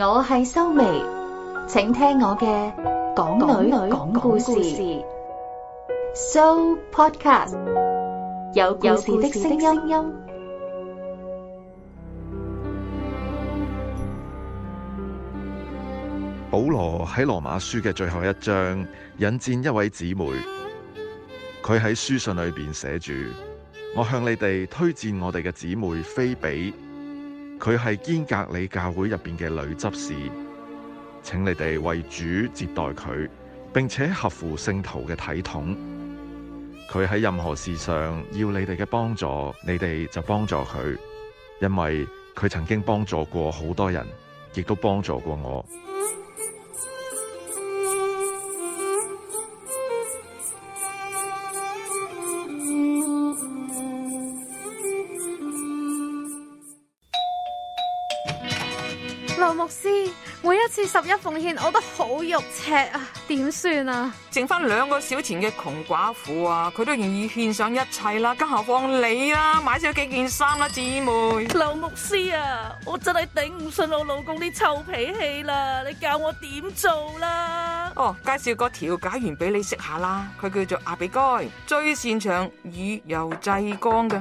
我係修眉，請聽我嘅港女講故事，So Podcast 有故事的聲音。保羅喺羅馬書嘅最後一章引薦一位姊妹，佢喺書信裏邊寫住：我向你哋推薦我哋嘅姊妹菲比。佢係堅格里教會入邊嘅女執事，請你哋為主接待佢，並且合乎聖徒嘅體統。佢喺任何事上要你哋嘅幫助，你哋就幫助佢，因為佢曾經幫助過好多人，亦都幫助過我。牧師，每一次十一奉獻我都好肉赤啊，點算啊？剩翻兩個小錢嘅窮寡婦啊，佢都願意獻上一切啦，更何況你啦？買咗幾件衫啦，姊妹。劉牧師啊，我真係頂唔順我老公啲臭脾氣啦，你教我點做啦？哦，介紹個調解員俾你識下啦，佢叫做阿比該，最擅長以柔制剛嘅。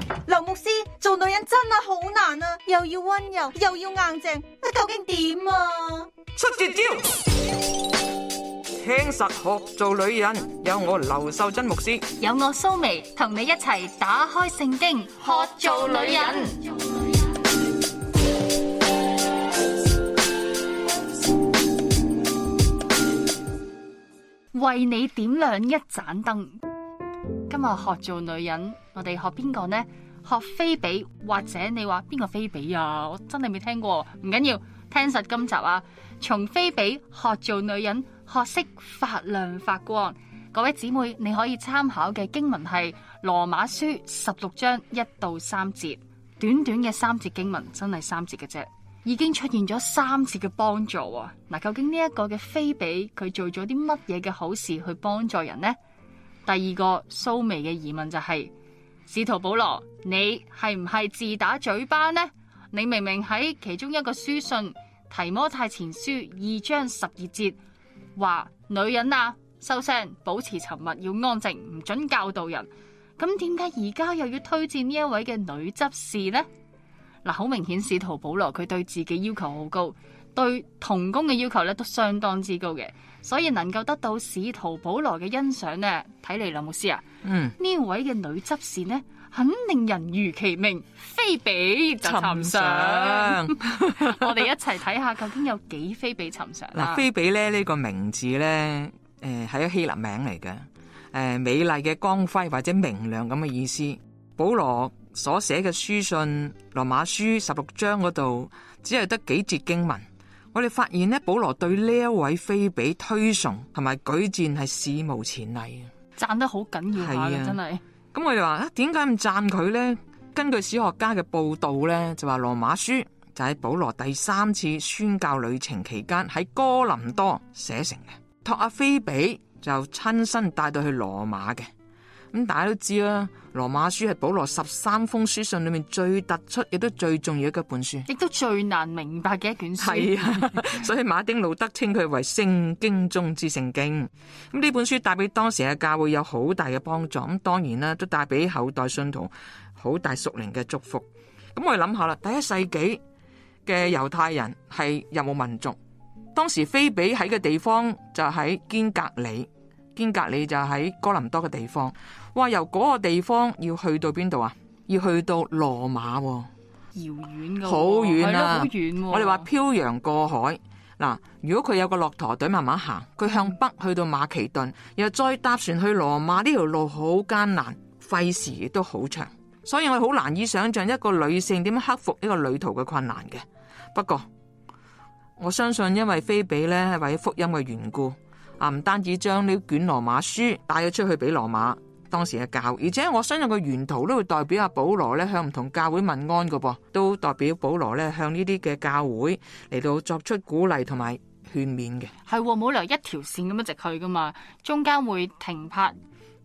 做女人真係好難啊，又要温柔又要硬淨，你究竟點啊？出絕招，聽實學做女人，有我劉秀珍牧師，有我蘇眉，同你一齊打開聖經學做女人，為你點亮一盞燈。今日學做女人，我哋學邊個呢？學菲比，或者你話邊個菲比啊？我真係未聽過，唔緊要，聽實今集啊！從菲比學做女人，學識發亮發光。各位姊妹，你可以參考嘅經文係《羅馬書》十六章一到三節，短短嘅三節經文，真係三節嘅啫，已經出現咗三節嘅幫助。嗱，究竟呢一個嘅菲比佢做咗啲乜嘢嘅好事去幫助人呢？第二個蘇眉嘅疑問就係、是。使徒保羅，你係唔係自打嘴巴呢？你明明喺其中一個書信提摩太前書二章十二節，話女人啊，收聲，保持沉默，要安靜，唔准教導人。咁點解而家又要推薦呢一位嘅女執事呢？嗱，好明顯使徒保羅佢對自己要求好高。對童工嘅要求咧都相當之高嘅，所以能夠得到使徒保羅嘅欣賞咧，睇嚟林牧師啊，呢、嗯、位嘅女執事呢，肯定人如其名，非比尋常。尋常 我哋一齊睇下究竟有幾非比尋常。嗱，非比咧呢個名字咧，誒係一個希臘名嚟嘅，誒美麗嘅光輝或者明亮咁嘅意思。保羅所寫嘅書信羅馬書十六章嗰度，只係得幾節經文。我哋發現咧，保羅對呢一位菲比推崇同埋舉薦係史無前例嘅，讚得好緊要下啊，的真係的。咁我哋話啊，點解咁讚佢咧？根據史學家嘅報道咧，就話羅馬書就喺保羅第三次宣教旅程期間喺哥林多寫成嘅，託阿菲比就親身帶到去羅馬嘅。咁大家都知啦，《羅馬書》係保羅十三封書信裏面最突出，亦都最重要嘅一本書，亦都最難明白嘅一卷書。係啊，所以馬丁路德稱佢為《聖經中之聖經》。咁呢本書帶俾當時嘅教會有好大嘅幫助，咁當然啦，都帶俾後代信徒好大屬靈嘅祝福。咁我哋諗下啦，第一世紀嘅猶太人係有冇民族，當時菲比喺嘅地方就喺堅格里，堅格里就喺哥林多嘅地方。哇！由嗰個地方要去到邊度啊？要去到羅馬，遙遠噶好遠啊！好遠、哦。我哋話漂洋過海嗱。如果佢有個駱駝隊慢慢行，佢向北去到馬其頓，又再搭船去羅馬，呢條路好艱難，費時亦都好長。所以我好難以想象一個女性點樣克服呢個旅途嘅困難嘅。不過我相信，因為菲比呢係為咗福音嘅緣故啊，唔單止將呢卷羅馬書帶咗出去俾羅馬。當時嘅教，而且我相信個沿途都會代表阿保羅咧向唔同教會問安噶噃，都代表保羅咧向呢啲嘅教會嚟到作出鼓勵同埋勸勉嘅。係冇理由一條線咁樣直去噶嘛，中間會停泊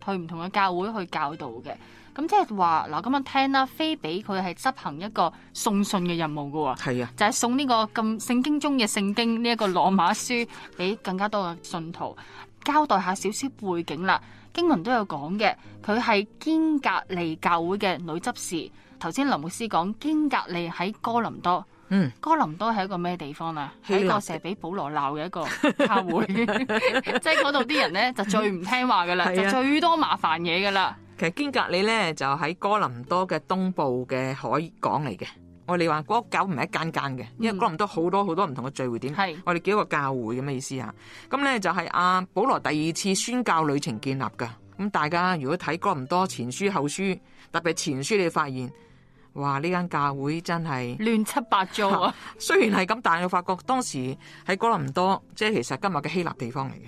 去唔同嘅教會去教導嘅。咁即係話嗱，咁樣聽啦，非比佢係執行一個送信嘅任務噶。係啊，就係送呢個咁聖經中嘅聖經呢一個羅馬書俾更加多嘅信徒交代下少少背景啦。經文都有講嘅，佢係堅格利教會嘅女執事。頭先林牧師講堅格利喺哥林多，嗯，哥林多係一個咩地方啊？喺個成日俾保羅鬧嘅一個教會，即係嗰度啲人咧就最唔聽話㗎喇，就最多麻煩嘢㗎喇。其實堅格利咧就喺哥林多嘅東部嘅海港嚟嘅。我哋話嗰教會唔係一間間嘅，因為哥林多好多好多唔同嘅聚會點，是我哋叫一個教會咁嘅意思啊？咁咧就係阿保羅第二次宣教旅程建立噶。咁大家如果睇哥林多前書、後書，特別前書你發現，哇！呢間教會真係亂七八糟。啊！ 雖然係咁，但係我發覺當時喺哥林多，即係其實今日嘅希臘地方嚟嘅，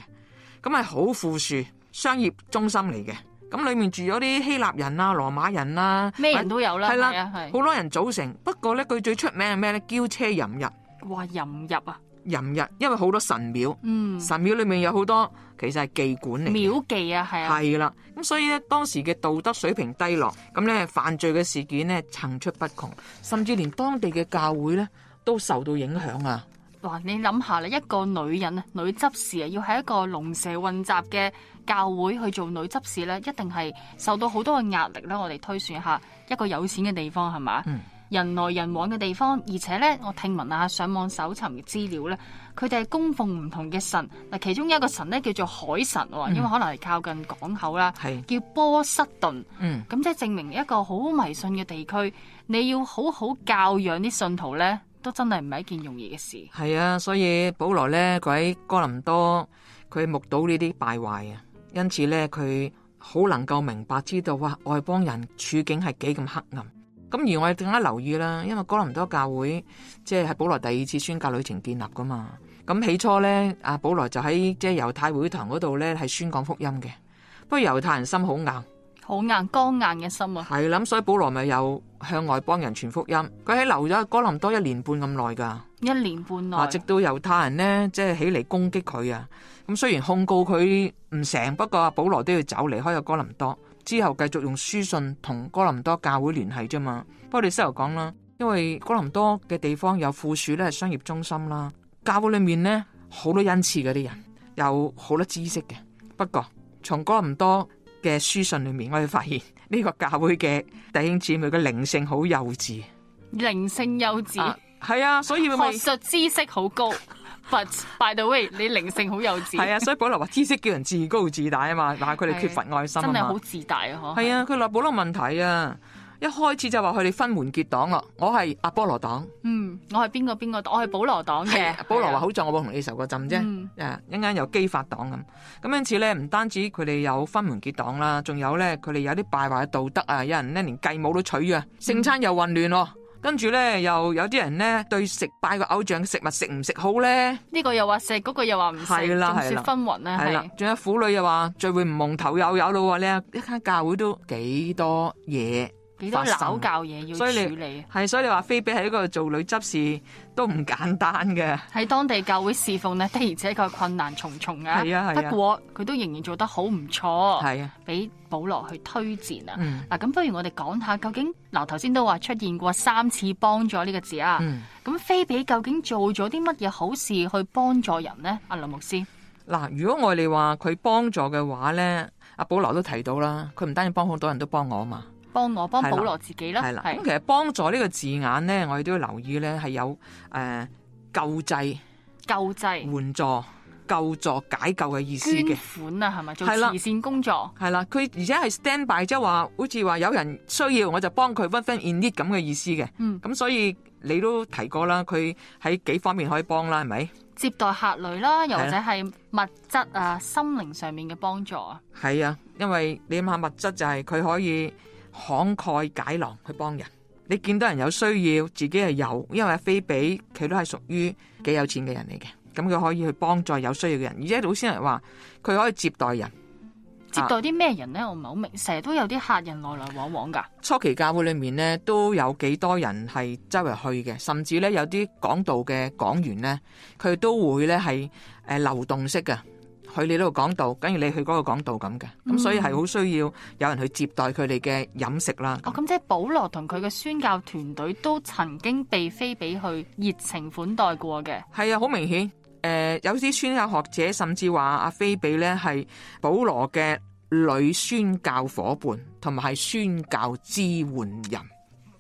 咁係好富庶，商業中心嚟嘅。咁裏面住咗啲希臘人啊、羅馬人啊，咩人都有啦，係啦，好多人組成。不過咧，佢最出名係咩咧？驕奢淫逸，哇！淫逸啊！淫逸，因為好多神廟，嗯、神廟裏面有好多，其實係妓館嚟。廟妓啊，係啊。係啦、啊，咁所以咧，當時嘅道德水平低落，咁咧犯罪嘅事件咧層出不窮，甚至連當地嘅教會咧都受到影響啊。嗱，你諗下啦，一個女人啊，女執事啊，要喺一個龍蛇混雜嘅教會去做女執事咧，一定係受到好多嘅壓力啦。我哋推算下，一個有錢嘅地方係嘛，是吧。嗯、人來人往嘅地方，而且咧，我聽聞啊，上網搜尋嘅資料咧，佢哋係供奉唔同嘅神。嗱，其中一個神咧叫做海神，嗯、因為可能係靠近港口啦，是叫波塞頓。嗯，咁即係證明一個好迷信嘅地區，你要好好教養啲信徒咧都真係唔係一件容易嘅事。係啊，所以保羅呢，佢喺哥林多佢目睹呢啲敗壞啊，因此呢，佢好能夠明白知道哇外邦人處境係幾咁黑暗。咁而我哋更加留意啦，因為哥林多教會即係係保羅第二次宣教旅程建立噶嘛。咁起初呢，阿保羅就喺即係猶太會堂嗰度呢，係宣講福音嘅，不過猶太人心好硬。好硬，剛硬嘅心啊，係諗，所以保羅咪有向外幫人傳福音。佢喺留咗哥林多一年半咁耐噶，一年半耐啊，直到猶太人呢，即係起嚟攻擊佢啊。咁雖然控告佢唔成，不過保羅都要走離開咗哥林多，之後繼續用書信同哥林多教會聯繫啫嘛。不過你哋先頭講啦，因為哥林多嘅地方有附屬咧，係商業中心啦，教會裏面呢，好多恩賜嗰啲人，有好多知識嘅。不過從哥林多.嘅書信裏面，我哋發現呢個教會嘅弟兄姊妹嘅靈性好幼稚，靈性幼稚係、uh, 啊，所以學術知識好高。 But by the way, 你靈性好幼稚係啊，所以保羅話知識叫人自高自大啊嘛，但係佢哋缺乏愛心，真係好自大啊！嗬，係啊，佢立保羅問題啊。一開始就話佢哋分門結黨咯。我係阿波羅黨，嗯，我係邊個邊個黨？我係保羅黨嘅。啊啊、保羅話：啊、好在我冇同你受過浸啫。誒、嗯，應該有基法黨咁咁。因此咧，唔單止佢哋有分門結黨啦，仲有咧，佢哋有啲敗壞嘅道德啊。有人咧連繼母都娶啊，聖餐又混亂喎。嗯、跟住咧，又有啲人咧對食拜個偶像食物食唔食好咧？呢個又話食，嗰、那個又話唔食，仲算分雲啊？係啦，仲有婦女又話聚會唔蒙頭有有咯。呢一間教會都幾多嘢。幾多手教嘢要處理？係所以你話菲比喺呢個做女執事都唔簡單嘅。喺當地教會侍奉呢，的而且確困難重重嘅。係啊，係不過佢都仍然做得好唔錯。係啊，俾保羅去推薦啊。嗱、嗯、咁、啊、不如我哋講下究竟嗱，頭、啊、先都話出現過三次幫助呢個字啊。咁菲、嗯、比究竟做咗啲乜嘢好事去幫助人呢？阿林牧師嗱，如果我哋話佢幫助嘅話咧，阿保羅都提到啦，佢唔單止幫好多人都幫我啊嘛。幫我幫保羅自己啦，係啦的。咁的其實幫助呢個字眼咧，我哋都要留意咧，係有誒救濟、救濟、救濟援助、救助、解救嘅意思嘅，捐款啊，係咪做慈善工作？係啦，佢而且係 standby，即係話好似話有人需要，我就幫佢。What thing in it 咁嘅意思嘅。嗯。咁所以你都提過啦，佢喺幾方面可以幫啦，係咪？接待客旅啦，又或者係物質的啊、心靈上面嘅幫助啊。係啊，因為你諗下物質就係、是、佢可以。慷慨解囊去幫人，你見到人有需要，自己係有，因為阿菲比佢都係屬於幾有錢嘅人嚟嘅，咁佢可以去幫助有需要嘅人，而且老師係話佢可以接待人，接待啲咩人呢？啊、我唔係好明，成日都有啲客人來來往往噶。初期教會裏面呢，都有幾多人係周圍去嘅，甚至呢，有啲講道嘅講員呢，佢都會呢係誒、呃、流動式噶。去你呢度講道，跟住你去嗰個講道咁嘅，咁所以係好需要有人去接待佢哋嘅飲食啦。嗯、哦，咁即係保羅同佢嘅宣教團隊都曾經被菲比去熱情款待過嘅。係啊，好明顯，誒、呃，有啲宣教學者甚至話阿菲比咧係保羅嘅女宣教夥伴，同埋宣教支援人。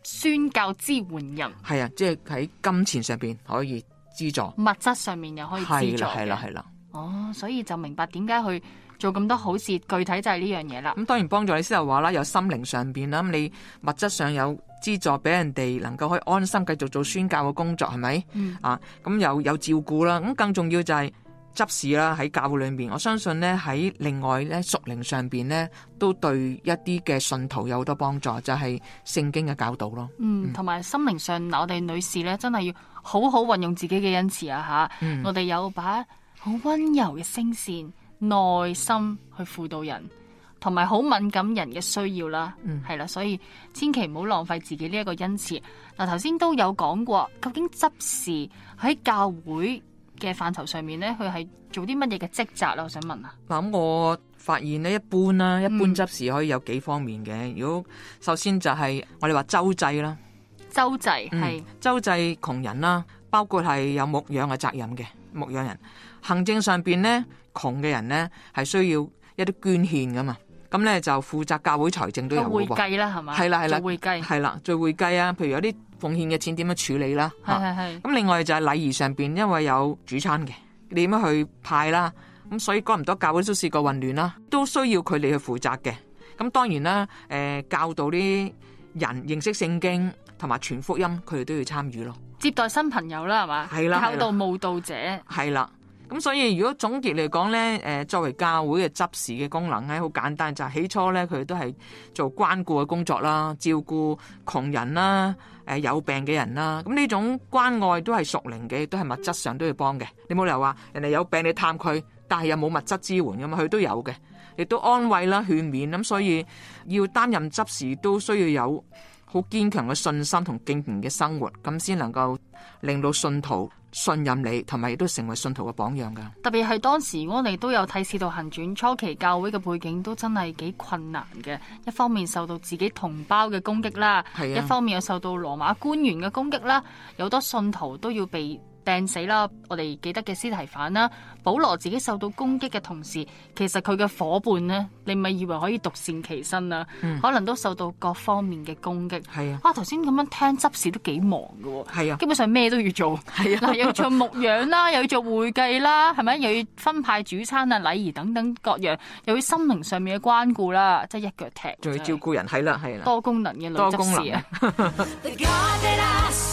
宣教支援人係啊，即係喺金錢上邊可以資助，物質上面又可以資助嘅。係啊，係啊。哦，所以就明白點解去做咁多好事，具體就係呢樣嘢啦。咁當然幫助你先頭話啦，有心靈上邊啦，你物質上有資助俾人哋，能夠可以安心繼續做宣教嘅工作，係咪？嗯、啊，咁有有照顧啦，咁更重要就係執事啦，喺教會裏面，我相信呢，喺另外咧屬靈上邊呢，都對一啲嘅信徒有好多幫助，就係、是、聖經嘅教導咯。嗯，同埋、嗯、心靈上，我哋女士呢，真係要好好運用自己嘅恩賜啊！吓、嗯，我哋有把好溫柔嘅聲線，耐心去輔導人，同埋好敏感人嘅需要啦，係啦、嗯，所以千祈唔好浪費自己呢一個恩賜。嗱，頭先都有講過，究竟執事喺教會嘅範疇上面咧，佢係做啲乜嘢嘅職責啦？我想問啊。嗱、嗯，我發現呢一般啦，一般執事可以有幾方面嘅。如果首先就係、是、我哋話周濟啦、嗯，周濟係周濟窮人啦，包括係有牧養嘅責任嘅。牧羊人，行政上邊咧窮嘅人咧係需要一啲捐獻噶嘛，咁咧就負責教會財政都有喎的。做會計啦，係嘛？係啦係啦，做會計係啦，做會計啊！譬如有啲奉獻嘅錢點樣處理啦、啊？係係係。咁的另外就係禮儀上邊，因為有主餐嘅，你點樣去派啦？咁所以講唔多，教會都試過混亂啦，都需要佢哋去負責嘅。咁當然啦，誒、呃、教導啲人認識聖經。同埋全福音，佢哋都要參與咯。接待新朋友啦，係嘛？係啦。教導慕道者。係啦。咁所以如果總結嚟講咧，誒作為教會嘅執事嘅功能咧，好簡單，就係起初咧，佢哋都係做關顧嘅工作啦，照顧窮人啦，誒有病嘅人啦。咁呢種關愛都係屬靈嘅，都係物質上都要幫嘅。你冇理由話人哋有病你探佢，但係又冇物質支援咁嘛？佢都有嘅，亦都安慰啦、勸勉咁。所以要擔任執事都需要有。好堅強嘅信心同敬虔嘅生活，咁先能夠令到信徒信任你，同埋亦都成為信徒嘅榜樣㗎。特別係當時我哋都有睇《使徒行傳》初期教會嘅背景，都真係幾困難嘅。一方面受到自己同胞嘅攻擊啦，的一方面又受到羅馬官員嘅攻擊啦，好多信徒都要被病死啦！我哋記得嘅司提反啦，保羅自己受到攻擊嘅同時，其實佢嘅伙伴呢，你咪以為可以獨善其身啊？嗯、可能都受到各方面嘅攻擊。係啊！哇、啊，頭先咁樣聽執事都幾忙嘅喎。啊，基本上咩都要做。係啊，又做牧養啦，又要做會計啦，係咪？又要分派主餐啊、禮儀等等各樣，又要心靈上面嘅關顧啦，即、就、係、是、一腳踢。仲要照顧人，係啦，係啦，多功能嘅女執事啊。功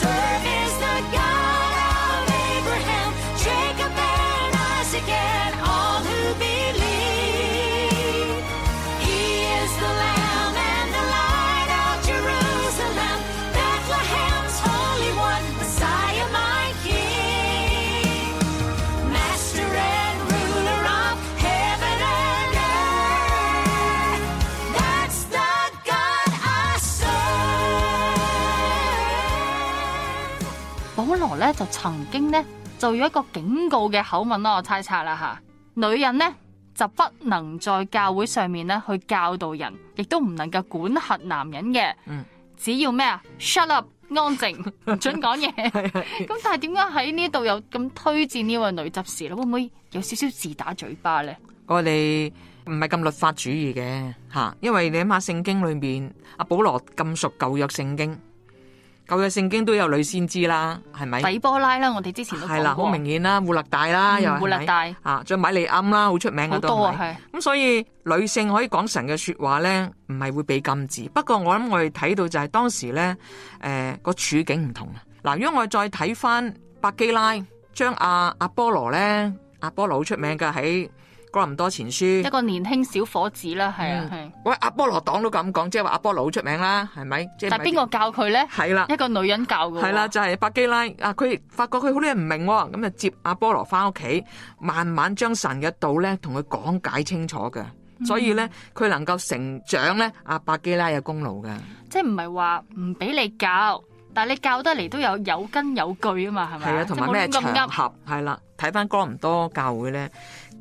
咧就曾經咧就有一個警告嘅口吻啦，我猜測啦吓，女人咧就不能在教會上面咧去教導人，亦都唔能夠管轄男人嘅。嗯，只要咩啊，Shut up，安靜，唔 准講嘢。咁 的但係點解喺呢度又咁推薦呢位女執事咧？會唔會有少少自打嘴巴咧？我哋唔係咁律法主義嘅吓，因為你諗下聖經裏面阿保羅咁熟舊約聖經。舊嘅聖經都有女先知啦，係咪？底波拉啦，我哋之前都講過，係啦，好明顯啦，戶勒大啦，嗯、又戶是勒大是是啊，仲米利暗啦，好出名嗰度。係咁，是是的所以女性可以講神嘅說話咧，唔係會被禁止。不過我諗我哋睇到就係當時咧，誒、呃、個處境唔同啊。嗱，如果我哋再睇翻百基拉將阿阿波羅咧，阿、啊、波羅好出名嘅喺。哥林多前書，一個年輕小伙子啦，係啊，啊喂阿波羅黨都咁講，即係話阿波羅好出名啦，係咪？但係邊個教佢咧？係啦、啊，一個女人教噶、哦。係啦、啊，就係、是、百基拉啊！佢發覺佢好多嘢唔明，哦，咁就接阿波羅翻屋企，慢慢將神嘅道咧同佢講解清楚嘅，所以咧佢能夠成長咧，阿百基拉有功勞嘅。嗯、即係唔係話唔俾你教，但係你教得嚟，都有有根有據啊嘛，係咪？係啊，同埋咩場合？係啦，睇翻、啊、哥林多教會咧。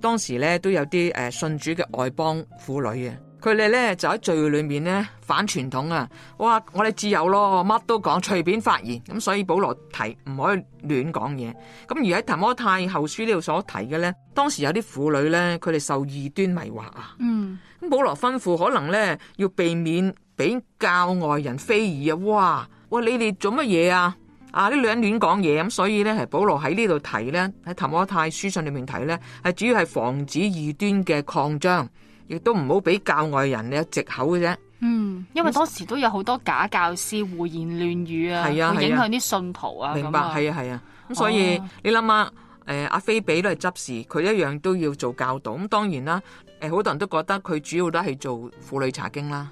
當時咧都有啲誒信主嘅外邦婦女嘅，佢哋咧就喺聚會裏面咧反傳統啊！哇，我哋自由咯，乜都講，隨便發言。咁所以保羅提唔可以亂講嘢。咁而喺提摩太後書呢度所提嘅咧，當時有啲婦女咧，佢哋受異端迷惑啊。嗯，咁保羅吩咐可能咧要避免俾教外人非議啊！哇，哇你哋做乜嘢啊？啊！啲女人亂講嘢咁，所以咧，係保羅喺呢度提咧，喺提摩太書信裏面提咧，係主要係防止異端嘅擴張，亦都唔好俾教外人有藉口嘅啫。嗯，因為當時都有好多假教師胡言亂語啊，嗯、會影響啲信徒啊。明白，係啊，係啊。咁、哦啊、所以你諗下，誒、呃，阿菲比都係執事，佢一樣都要做教導。咁、嗯、當然啦，誒、呃，好多人都覺得佢主要都係做婦女查經啦。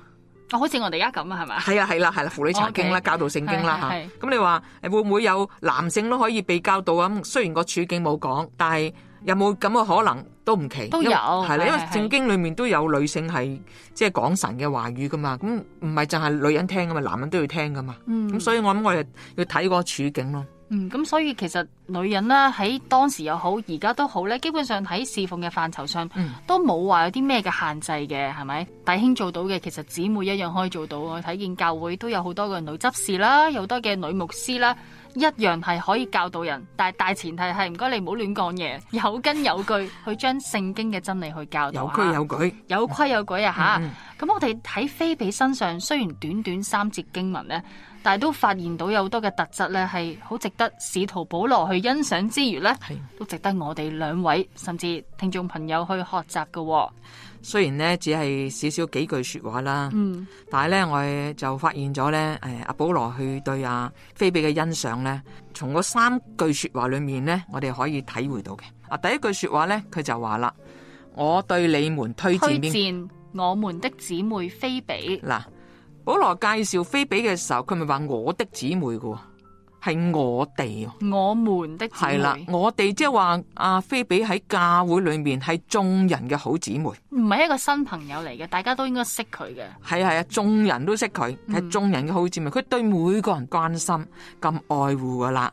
哦、好似我哋而家咁啊，係咪？係啊，係啦，係啦，婦女查經啦，教導聖經啦吓。咁的你話誒，會唔會有男性都可以被教導咁？雖然個處境冇講，但係有冇咁嘅可能都唔奇。都有係啦，因為聖的的經裏面都有女性係即係講神嘅話語噶嘛。咁唔係淨係女人聽噶嘛，男人都要聽噶嘛。咁、嗯、所以我諗我哋要睇個處境咯。嗯，咁所以其實女人啦，喺當時又好，而家都好咧，基本上喺侍奉嘅範疇上，都冇話有啲咩嘅限制嘅，係咪，嗯？弟兄做到嘅，其實姊妹一樣可以做到。我睇見教會都有好多嘅女執事啦，有多嘅女牧師啦，一樣係可以教導人。但係大前提係唔該你唔好亂講嘢，有根有據去將聖經嘅真理去教導。有規有矩，有規有矩啊！吓，咁，嗯嗯，我哋喺菲比身上，雖然短短三節經文咧。但都發現到有好多嘅特質咧，係好值得使徒保羅去欣賞之餘咧，係都值得我哋兩位甚至聽眾朋友去學習嘅哦。雖然呢只係少少幾句説話啦，嗯，但係咧我哋就發現咗咧，誒阿保羅去對阿菲比嘅欣賞咧，從嗰三句説話裡面咧，我哋可以體會到嘅。啊，第一句説話咧，佢就話啦，我對你們推薦我們的姊妹菲比嗱。保羅介紹菲比嘅時候，佢咪話我的姊妹嘅，係我哋，我們的姊妹係啦，我哋即係話阿菲比喺教會裏面係眾人嘅好姊妹，唔係一個新朋友嚟嘅，大家都應該識佢嘅。係啊係啊，眾人都識佢，係眾人嘅好姊妹，佢、嗯、對每個人關心咁愛護噶啦。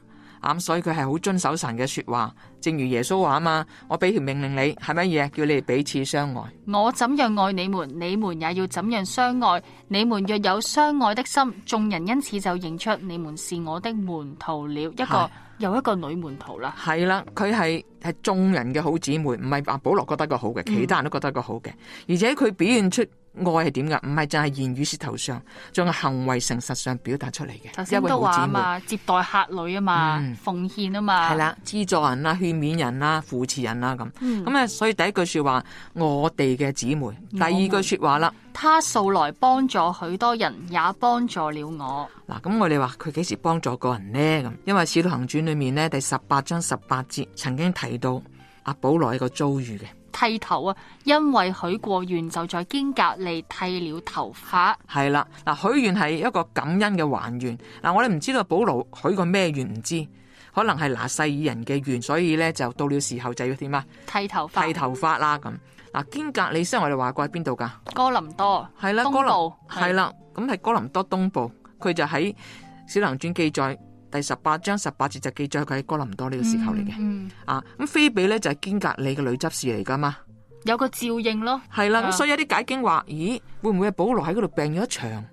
咁所以佢係好遵守神嘅說話，正如耶穌話啊嘛，我俾條命令你係乜嘢？叫你哋彼此相愛。我怎樣愛你們，你們也要怎樣相愛。你們若有相愛的心，眾人因此就認出你們是我的門徒了，一個是又一個女門徒啦。係啦，佢係係眾人嘅好姊妹，唔係阿保羅覺得個好嘅，其他人都覺得個好嘅，嗯、而且佢表現出。愛係點噶？唔係就係言語舌頭上，仲係行為誠實上表達出嚟嘅。頭先都話嘛，接待客旅啊嘛，嗯、奉獻啊嘛，係啦，資助人啦、啊，勸勉人啦、啊，扶持人啦、啊、咁。咁啊、嗯嗯，所以第一句說話，我哋嘅姊妹；嗯、第二句說話啦、嗯，他素來幫助許多人，也幫助了我。嗱，咁我哋話佢幾時幫助過人呢？咁，因為《使徒行傳》裏面呢，第十八章十八節曾經提到阿保羅一個遭遇嘅。剃頭啊！因為許過願就在堅格利剃了頭髮。係啦，嗱，許願係一個感恩嘅還願嗱。我哋唔知道保羅許過咩願，唔知可能係拿細爾人嘅願，所以咧就到了時候就要點啊？剃頭髮，剃頭髮啦咁嗱。堅格里雖然我哋話過喺邊度噶？哥林多係啦，哥林係啦，咁係哥林多東部，佢就喺《小能傳》記載。第十八章十八節就記咗佢喺哥林多呢個時候嚟嘅，嗯嗯、啊，咁菲比咧就係、是、堅格利嘅女執事嚟噶嘛，有個照應咯，係啦的，咁的所以有啲解經話，咦，會唔會係保羅喺嗰度病咗一場，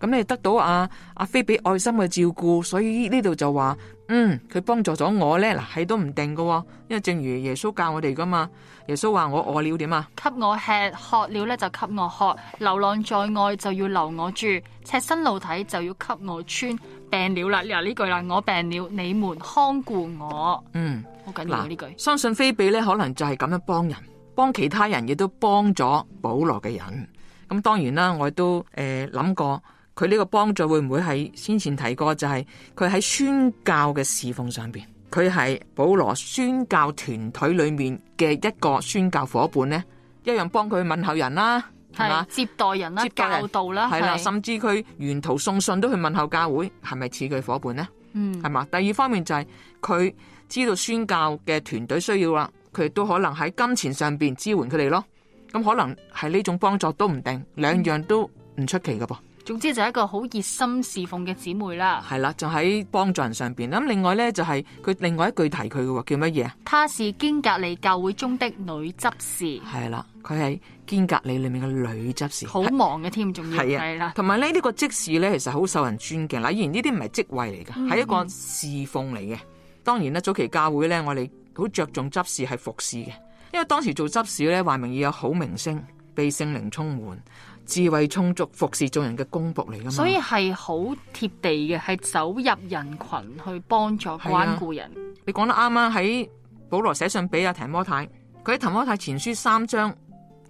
咁你得到阿阿菲比愛心嘅照顧，所以呢度就話，嗯，佢幫助咗我咧，嗱、啊，係都唔定噶、哦，因為正如耶穌教我哋噶嘛，耶穌話我餓了點啊，給我吃渴了咧就給我喝，流浪在外就要留我住，赤身露體就要給我穿。病了啦，你話、啊、呢句啦，我病了，你們看顧我。嗯，好緊要呢喇句。相信菲比咧，可能就係咁樣幫人，幫其他人亦都幫咗保羅嘅人。咁當然啦，我亦都誒諗過，佢呢個幫助會唔會係先前提過、就是，就係佢喺宣教嘅侍奉上邊，佢係保羅宣教團隊裏面嘅一個宣教伙伴咧，一樣幫佢問候人啦。係接待人啦，接人教導啦，係啦吧，是甚至佢沿途送信都去問候教會，係咪似佢伙伴呢？嗯，係嘛？第二方面就係、是、佢知道宣教嘅團隊需要啦，佢亦都可能喺金錢上邊支援佢哋咯。咁可能係呢種幫助都唔定，兩樣都唔出奇㗎噃。嗯。總之就係一個好熱心侍奉嘅姊妹啦，係啦，就喺幫助人上邊。咁另外咧就係佢另外一句提佢嘅話叫乜嘢？她是堅格利教會中的女執事。係啦，佢係堅格利裏面嘅女執事，好是忙嘅添，仲要係啦。同埋咧呢個執事咧其實好受人尊敬。嗱，依然呢啲唔係職位嚟嘅，係一個侍奉嚟嘅。當然啦，早期教會咧我哋好着重執事係服侍嘅，因為當時做執事咧話明要有好名聲，被聖靈充滿。智慧充足、服侍眾人嘅公僕嚟噶嘛？所以係好貼地嘅，係走入人群去幫助關顧人。你講得啱啊！喺保羅寫信俾阿提摩太，佢喺提摩太前書三章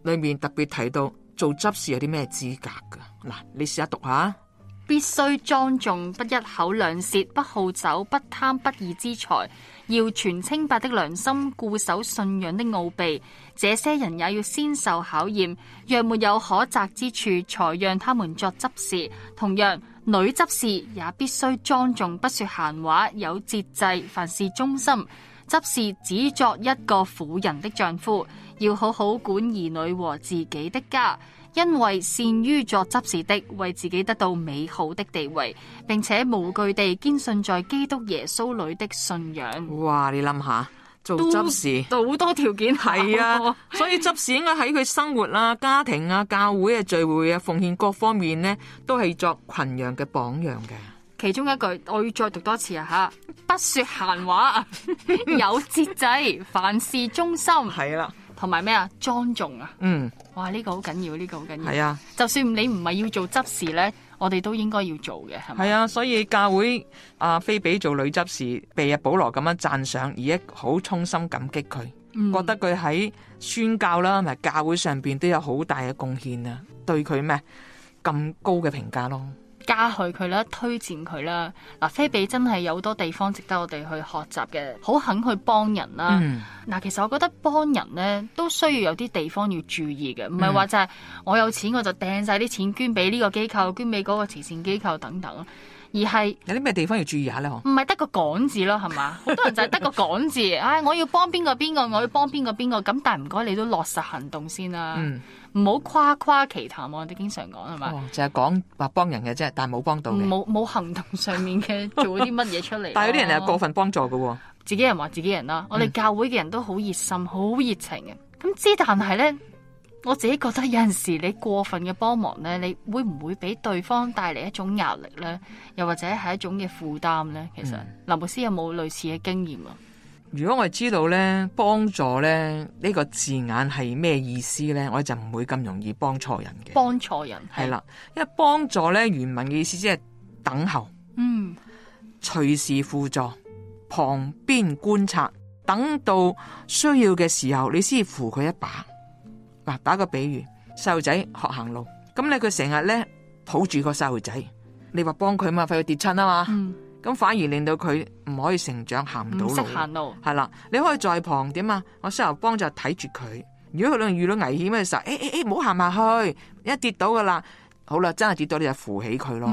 裏面特別提到做執事有啲咩資格噶？嗱，你試下讀下。必須莊重，不一口兩舌，不好酒，不貪不義之財，要全清白的良心，固守信仰的奧秘。這些人也要先受考驗，若沒有可責之處，才讓他們作執事。同樣，女執事也必須莊重，不說閒話，有節制，凡事忠心。執事只作一個婦人的丈夫，要好好管兒女和自己的家，因為善於作執事的，為自己得到美好的地位，並且無懼地堅信在基督耶穌裏的信仰。哇！你諗下做執事好多條件係啊，所以執事應該喺佢生活啊、 家庭啊、教會啊、聚會啊、奉獻各方面呢，都係作群羊嘅榜樣嘅。其中一句，我要再讀多次啊！吓，不說閒話， 有節制，凡事忠心，係啦的，同埋咩啊，莊重啊，嗯，哇，呢個好緊要，呢個好緊要，係啊的，就算你唔係要做執事咧，我哋都應該要做嘅，係咪啊？所以教會阿菲比做女執事，被阿保羅咁樣讚賞，而家好衷心感激佢，嗯、覺得佢喺宣教啦，咪教會上邊都有好大嘅貢獻啊，對佢咩咁高嘅評價咯。加去佢啦，推薦佢啦。嗱，菲比真係有好多地方值得我哋去學習嘅，好肯去幫人啦。嗱、嗯，其實我覺得幫人呢都需要有啲地方要注意嘅，唔係話就係我有錢我就掟晒啲錢捐俾呢個機構，捐俾嗰個慈善機構等等。而係有啲咩地方要注意下咧？唔係得個講字咯，係嘛？好 多人就係得個講字，唉、哎，我要幫邊個邊個，我要幫邊個邊個，咁但係唔該，你都落實行動先啦、啊，唔好、嗯、誇誇其談喎。我哋經常講係嘛，就係講話幫人嘅啫，但係冇幫到嘅，冇冇行動上面嘅做啲乜嘢出嚟、啊。 但係有啲人係過分幫助嘅喎、啊，自己人話自己人啦、啊。我哋教會嘅人都好熱心，好、嗯、熱情嘅，咁之但係咧。我自己覺得有陣時你過分嘅幫忙呢，你會唔會俾對方帶嚟一種壓力呢？又或者係一種嘅負擔呢？其實，林牧師有冇類似嘅經驗啊？嗯，如果我知道呢，幫助呢，呢個字眼係咩意思呢？我就唔會咁容易幫錯人嘅。幫錯人係啦，因為幫助呢，原文嘅意思即係等候，嗯，隨時輔助，旁邊觀察，等到需要嘅時候，你先扶佢一把。嗱，打個比喻，細路仔學行路，咁咧佢成日咧抱住個細路仔，你話幫佢嘛，費事跌親啊嘛，咁、嗯、反而令到佢唔可以成長，行唔到路。唔識行路。係啦，你可以在旁點啊？我稍後幫助睇住佢。如果佢遇到危險嘅時候，誒誒誒，唔好行下去，一跌到㗎啦，好啦，真係跌到你就扶起佢咯。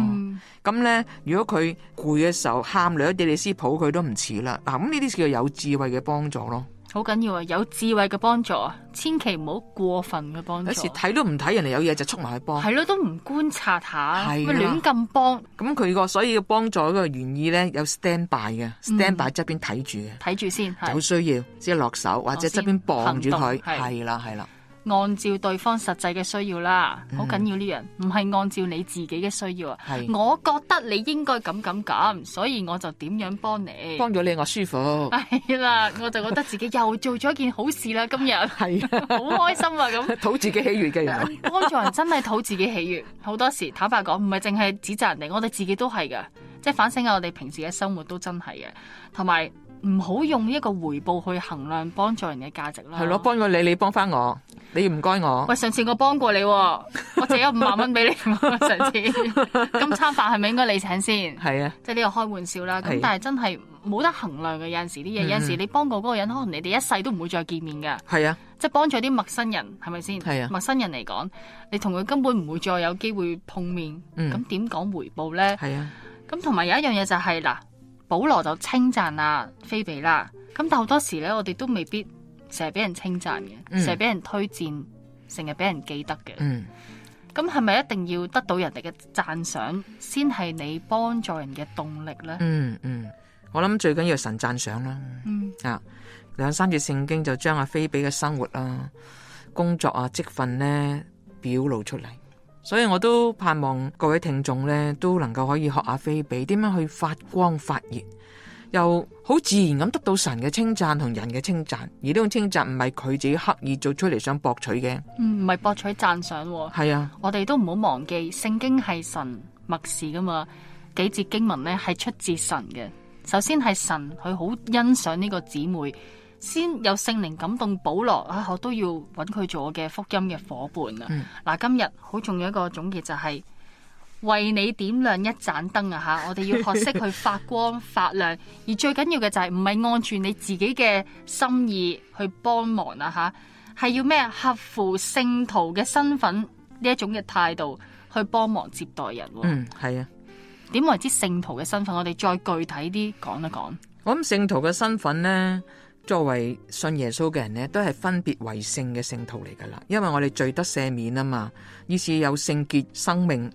咁咧、嗯，如果佢攰嘅時候，喊兩地你先抱佢都唔遲啦。嗱，咁呢啲叫做有智慧嘅幫助咯。好緊要啊！有智慧嘅幫助，幫助幫啊，千祈唔好過分嘅幫助。有時睇都唔睇，人哋有嘢就衝埋去幫。係咯，都唔觀察下，咪亂咁幫。咁佢個所有嘅幫助個原意咧，有 standby 嘅，standby 側邊睇住嘅，睇住先有需要先落手，或者側邊幫住佢。係啦，係啦。按照對方實際嘅需要啦，好緊要呢樣，唔係、嗯、按照你自己嘅需要啊。係。我覺得你應該咁咁咁，所以我就點樣幫你。幫咗你我舒服。係啦， 我就覺得自己又做咗一件好事啦，今日係好開心啊！咁討自己喜悦嘅人，幫助人真係討自己喜悦。好 多時坦白講，唔係淨係指責人哋，我哋自己都係嘅，即係反省下我哋平時嘅生活都真係嘅，同埋。唔好用一個回報去衡量幫助人嘅價值啦。係咯，幫過你，你幫翻我，你唔該我。喂，上次我幫過你，我借咗五萬蚊俾你。 我上次，咁 餐飯係咪應該你請先？係啊，即係呢個開玩笑啦。咁、啊、但係真係冇得衡量嘅，有陣時啲嘢，嗯、有陣時你幫過嗰個人，可能你哋一世都唔會再見面嘅。係啊，即係幫助啲陌生人，係咪先？係啊，陌生人嚟講，你同佢根本唔會再有機會碰面。咁點講回報咧？係啊，咁同埋有一樣嘢就係、是、嗱。啦保羅就稱讚啊菲比啦，咁但好多時咧，我哋都未必成日俾人稱讚嘅，成日俾人推薦，成日俾人記得嘅。咁係咪一定要得到人哋嘅讚賞，先係你幫助人嘅動力咧？嗯嗯，我諗最緊要神讚賞啦。嗯啊，兩三節聖經就將阿菲比嘅生活啦、啊、工作啊、積分咧表露出嚟。所以我都盼望各位聽眾咧都能夠可以學阿菲比點樣去發光發熱，又好自然咁得到神嘅稱讚同人嘅稱讚，而呢種稱讚唔係佢自己刻意做出嚟想博取嘅。唔係博取讚賞，哦。係啊，我哋都唔好忘記聖經係神默示噶嘛，幾節經文咧係出自神嘅。首先係神佢好欣賞呢個姊妹。先有聖靈感動保羅啊，我都要揾佢做我嘅福音嘅夥伴啊！嗱，今日好重要一個總結就係為你點亮一盞燈啊！吓，我哋要學識去發光發亮，而最緊要嘅就係唔係按住你自己嘅心意去幫忙啊！吓，係要咩？合乎聖徒嘅身份呢一種嘅態度去幫忙接待人。嗯，係啊。點為之聖徒嘅身份？我哋再具體啲講一講。我諗聖徒嘅身份咧，作為信耶穌嘅人咧，都係分別為聖嘅聖徒嚟㗎喇，因為我哋罪得赦免啊嘛，於是有聖潔生命，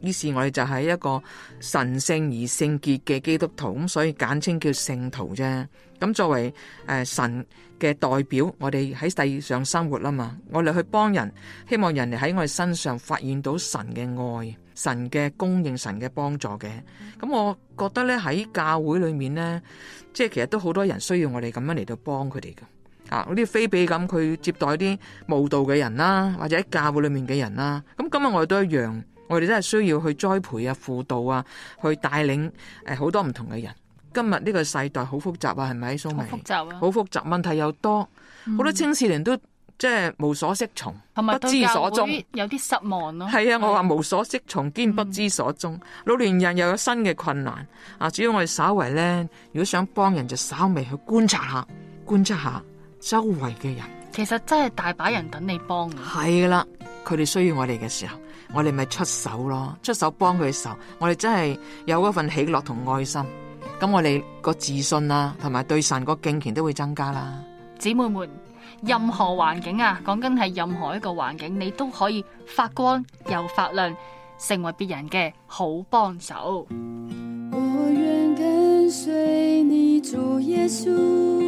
於是我哋就係一個神聖而聖潔嘅基督徒，咁所以簡稱叫聖徒啫。咁作為誒神嘅代表，我哋喺世上生活啊嘛，我哋去幫人，希望人哋喺我哋身上發現到神嘅愛。神嘅供應，神嘅幫助嘅，咁、嗯、我覺得咧喺教會裏面咧，即係其實都好多人需要我哋咁樣嚟到幫佢哋嘅。啊，好似菲比咁，佢接待啲慕道嘅人啦，或者喺教會裏面嘅人啦。咁今日我哋都一樣，我哋真係需要去栽培啊、輔導啊、去帶領誒好多唔同嘅人。今日呢個世代好複雜啊，係咪？蘇明，好複雜啊！好複雜，問題又多，好多青少年都。即係無所適從，不知所終，有啲失望咯。係啊，我話無所適從兼不知所終，嗯、老年人又有新嘅困難啊。主要我哋稍微咧，如果想幫人，就稍微去觀察下，觀察下周圍嘅人。其實真係大把人等你幫嘅。係啦，佢哋需要我哋嘅時候，我哋咪出手咯。出手幫佢嘅時候，我哋真係有一份喜樂同愛心。咁我哋個自信啊，同埋對神個敬虔都會增加啦，姊妹們。任何環境啊，講緊係任何一個環境，你都可以發光又發亮，成為別人嘅好幫手。我願跟隨你，主耶穌。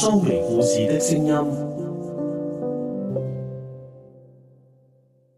收聽故事的聲音。